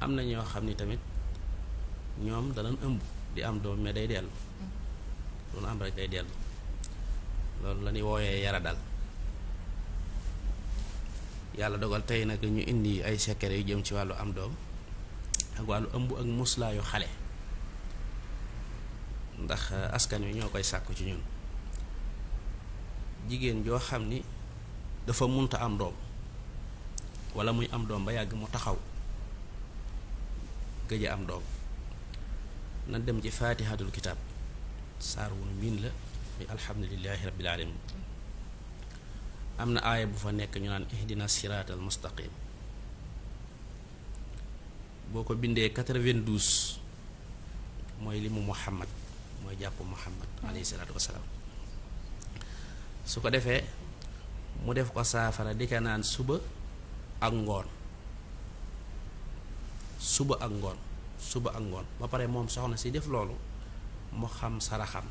am na ñoo xam ni tamit ñoom danañ ëmb di am doom mais day dellu loolu am rek day dellu loolu la ñuy wooyee yara dal yàlla dogal tey nag ñu indi ay secret yu jëm ci wàllu am doom ak wàllu ëmb ak muslaayu xale ndax euh, askan wi ñoo koy sàkku ci ñun jigéen joo xam ni dafa munta am doom wala muy am doom ba yàgg mu taxaw gëj am doom na dem ci faatihatul kitaab saar wu miin la muy alhamdulillahi rabbil alamin am na aaya bu fa nekk ñu naan ihdina siraatal mustaqim boo ko bindee quatre-vingt-douze mooy limu muhammad mooy jàpp muhammad alayhi salaatu wassalaam su ko defee mu def ko saafara di ka naan suba ak ngoon suba ak ngoon suba ak ngoon ba pare moom soxna si def loolu mu xam saraxam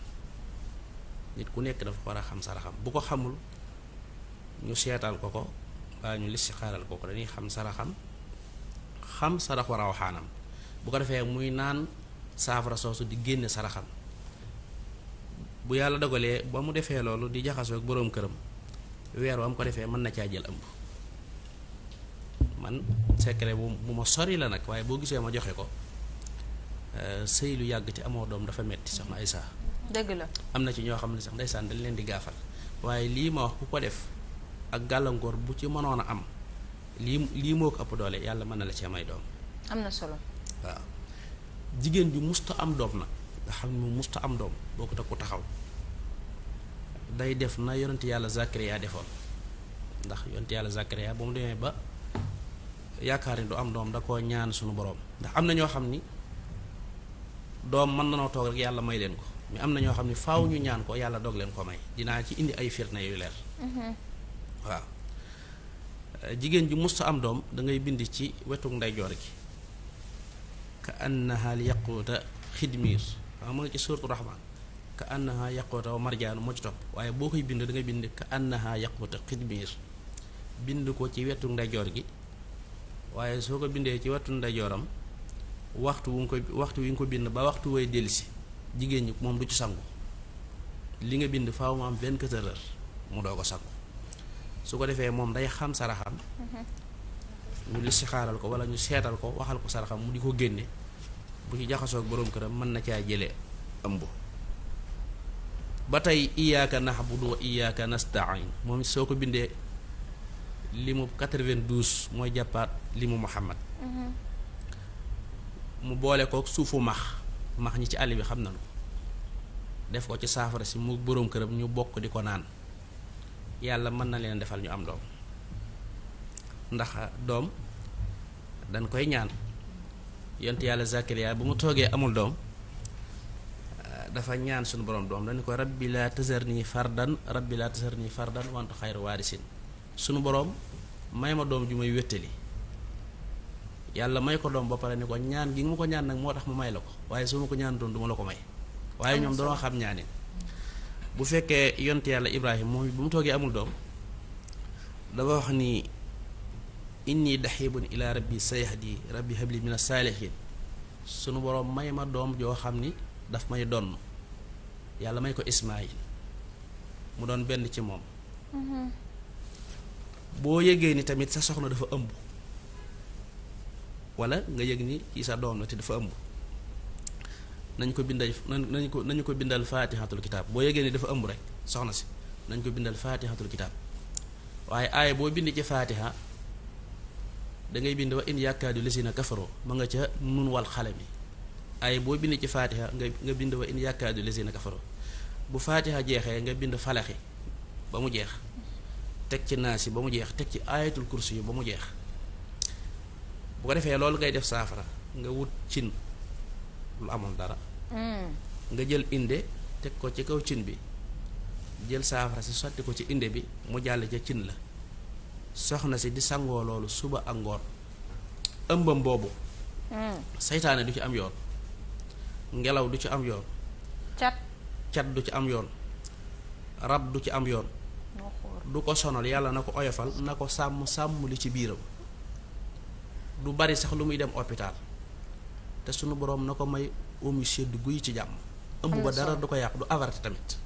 nit ku nekk dafa war a xam saraxam bu ko xamul ñu seetal ko ko waa ñu xaaral ko ko dañuy xam saraxam xam sarax war a bu ko defee muy naan saafara soosu di génne saraxam bu yàlla dogalee ba mu defee loolu di jaxasoo ak boroom këram weer wa am ko defee mën na caa jël ëmb man secret bu bu ma sori la nag waaye boo gisee ma joxe ko euh, sëy lu yàgg ci amoo doom dafa metti soxna Aïssa dëgg la am na ci ñoo xam ne sax ndeysaan dañ leen di gaafal waaye lii ma wax ku ko def ak gàllankoor bu ci mënoon a am lii lii moo ko ëpp doole yàlla mën na la cee may doom am na solo waaw jigéen ju musta am doom nag nga xam ne musta am doom boo ko ku taxaw day def na yonent yàlla Zakaria defoon ndax yonent yàlla Zakaria ba mu demee ba yaakaar ni du am doom da koo ñaan suñu borom ndax am na ñoo xam ni doom mën na noo toog rek yàlla may leen ko mi am na ñoo xam ni faaw ñu ñaan ko yàlla doog leen ko may dinaa ci indi ay firnde yu leer. Mhm. waaw jigéen ju musta am doom dangay bind ci wetu ndeyjoor gi ka annaha li yaquuta xidmiir ma nga ci suuratu rahmaan ka annaha yaquuta moo ci topp waaye boo koy bind bind ka annaha yaquuta xidmiir bind ko ci wetu ndeyjoor gi. waaye soo ko bindee ci wattu ndeyjooram waxtu wu nga ko waxtu wi ko bind ba waxtu way dellusi jigéen ñi moom du ci sangu li nga bind faaw mu am mu doo ko sangu su ko defee moom day xam saraxam ñu xaaral ko wala ñu seetal ko waxal ko saraxam mu di ko génne bu ci jaxasoo boroom këram mën na caa jële ëmb ba tey iyaaka naxbudu wa iyaaka nastain moom soo ko bindee limu 92 mooy jàppaat limu Muhammad mhm. mu boole ko suufu max max ñi ci àll bi xam nañu ko def ko ci saafara si mu boroom këram ñu bokk di ko naan yàlla mën na leen defal ñu am doom ndax doom dañ koy ñaan yont yàlla Zakariya bu mu toogee amul doom dafa ñaan suñu borom doom dañu ko rabbi laa tasarnii fardan rabbi laa tasarnii fardan wantu xayru waarisin sunu boroom may ma doom ju may wéttali yàlla may ko doom ba pare ni ko ñaan gi nga ma ko ñaan nag moo tax mu may la ko waaye su ma ko ñaan doon du ma la ko may waaye ñoom danoo xam ñaanin bu fekkee yont yàlla ibrahim moom bu mu toogee amul doom dafa wax ni inni daxibun ila rabbi sayahdi rabbi habli mina saalihin sunu boroom may ma doom joo xam ni daf may donn yàlla may ko ismail mu doon benn ci moom mm-hmm. boo yégee ni tamit sa soxna dafa ëmb wala nga yëg ni kii sa doom la te dafa ëmb nañ ko bindal nañ ko nañu ko bindal faatixatul kitaab boo yëgee ni dafa ëmb rek soxna si nañ ko bindal faatixatul kitaab waaye aaya boo bind ci faatixa da bind wa in yàkkaadu lisina kafaroo ma nga ca nun wal xale mi aaya boo bind ci faatixa nga nga in yàkkaadu lisina kafaroo bu faatixa jeexee nga bind falaxi ba mu jeex teg ci naas yi ba mu jeex teg ci aayatul kursi yi ba mu jeex bu ko defee loolu ngay def saafara nga wut cin lu amul dara mm. nga jël inde teg ko ci kaw cin bi jël saafara si sotti ko ci inde bi mu jàll ca cin la soxna si di sangoo loolu suba ak ngoon ëmbam boobu mm. seytaane du ci am yoon ngelaw du ci am yoon cat cat du ci am yoon rab du ci am yoon du ko sonal yàlla na ko oyofal na ko sàmm sàmm li ci biiram du bari sax lu muy dem hôpital te sunu boroom na ko may omi sedd guy ci jàmm ëmb ba dara du ko yàq du avarti tamit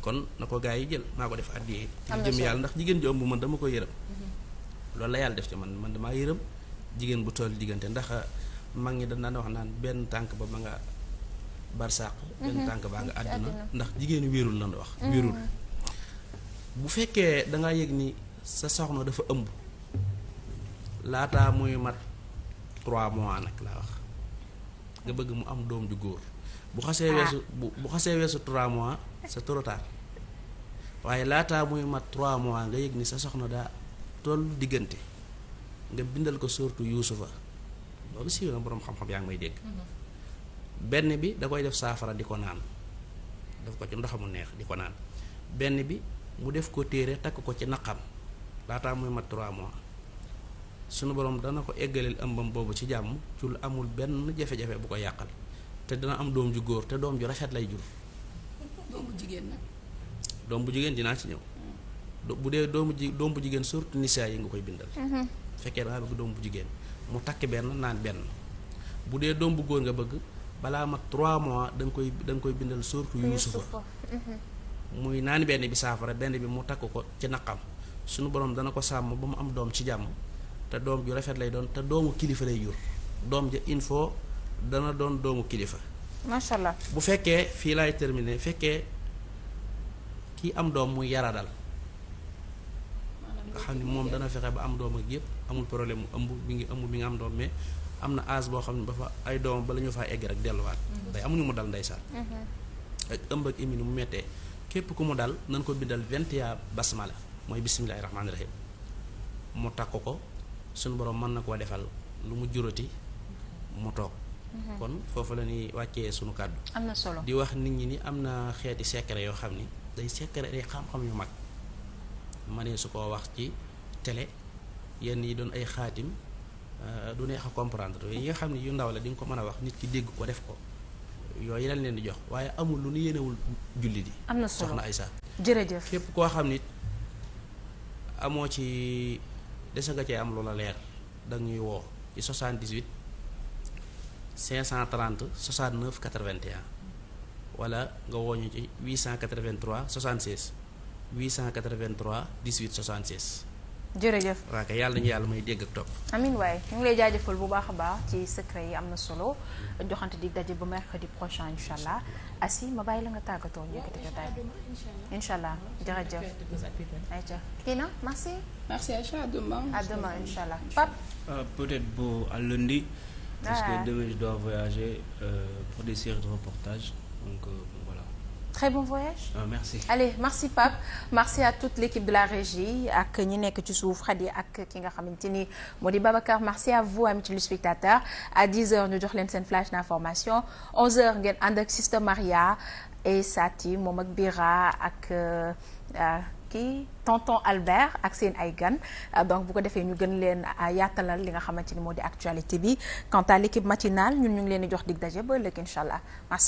kon na ko gaa yi jël maa ko def àddiyee jëm yàlla ndax jigéen ju ëmb man dama ko yërëm mhm. loolu la yàlla def ci man man damaa yërëm jigéen bu toll diggante ndax mag ñi danaan wax naan benn tànk ba ma nga barsàq benn mhm. tànk baa nga àdduna ndax jigéen wéerul lan wax mhm. wéerul bu fekkee da nga yëg ni sa soxna dafa ëmb laata muy mat trois mois nag laa wax nga bëgg mu am doom ju góor bu xasee ah. weesu bu trois mois sa trop waaye laataa muy mat trois mois nga yëg ni sa soxna daa toll diggante nga bindal ko surtout yuusufa loolu siiw na boroom xam-xam yaa ngi may dégg mhm. benn bi da koy def saafara di ko naan daf ko ci ndox mu neex di ko naan benn bi mu def ko téere takk ko ci naqam laataa muy mat trois mois sunu borom dana ko eggaleel ëmbam boobu ci jàmm ci lu amul benn jafe-jafe bu ko yàqal te dana am doom ju góor te doom ju rafet lay jur. doom bu jigéen doom bu jigéen dinaa ci ñëw. bu dee doomu ji doom bu jigéen surtout nisaa yi nga koy bindal. bu mhm. fekkee dangaa bëgg doom bu jigéen mu takk benn naan benn bu dee doom bu góor nga bëgg balaa mat trois mois da koy da koy bindal surtout Yuusufa muy naan benn bi saafara benn bi mu takk ko ci naqam suñu borom dana ko sàmm ba mu am doom ci jàmm te doom ju rafet lay doon te doomu kilifa lay jur doom ja in foo dana doon doomu kilifa. macha allah bu fekkee fii laay terminer fekkee kii am doom muy yaradal nga xam ne moom dana fexe ba am doom ak amul problème mu ëmb mi ngi ëmb mi ngi am doom mais am na âge boo xam ne ba fa ay doom ba la ñu faa egg rek delluwaat. day mhm. amuñu mu dal ndeysaan. Mhm. ak ëmb ak imi mu méttee. képp ku mu dal nañ ko bindal vingt et un la mooy bisimilahi rahmaani rahim mu takk ko suñu borom mën na koo defal lu mu juróoti mu toog. Mhm. kon foofu la ñuy wàccee sunu kàddu. am na solo di wax nit ñi ni am na xeeti secret yoo xam ni day secret day xam-xam yu mag ma ne su koo wax ci télé yenn yi doon ay xaatim euh, du neex a comprendre yi nga xam ne yu ndaw la di nga ko mën a wax nit ki dégg ko def ko. yooyu lañ leen di jox waaye amul lu nu yéenewul jullit yi. am na solo soxna Aïssa. jërëjëf képp koo xam nit amoo ci dese nga cee am la leer da ñuy woo ci 78 530 69 81 wala nga woo ñu ci 883 76 883 18 76. jërëjëf waaw kay yàlla ñu yàlla may dégg ak topp. amin waaye ñu ngi lay jaajëfal bu baax a baax ci secret yi am na solo joxante di daje ba mercredi prochain incha allah Asi ma bàyyi la nga tàggatoo njëkkati jotaay incha allah jërëjëf ayca Lina merci. merci à demain. à demain incha allah Pape. Euh, peut-être bu à lundi. parce que ah. demain je voyager euh, pour des de reportages donc. Euh, très bon voyage. Oh, merci allez merci Pape merci à toute l'équipe de la régie ak ñi nekk ci suuf Khady ak ki nga xamante ni moo di Babacar merci à vous amis téléspectateurs à 10h ñu jox leen seen flash d'information 11h ngeen ànd ak Sister Maria et Sati moom ak Bira ak euh, euh, kii tonton Albert ak seen ay gan donc bu ko defee ñu gën leen yaatalal li nga xamante ni moo di actualité bi quant à l'équipe matinale ñun ñu ngi leen di jox dig daje ba ëllëg incha allah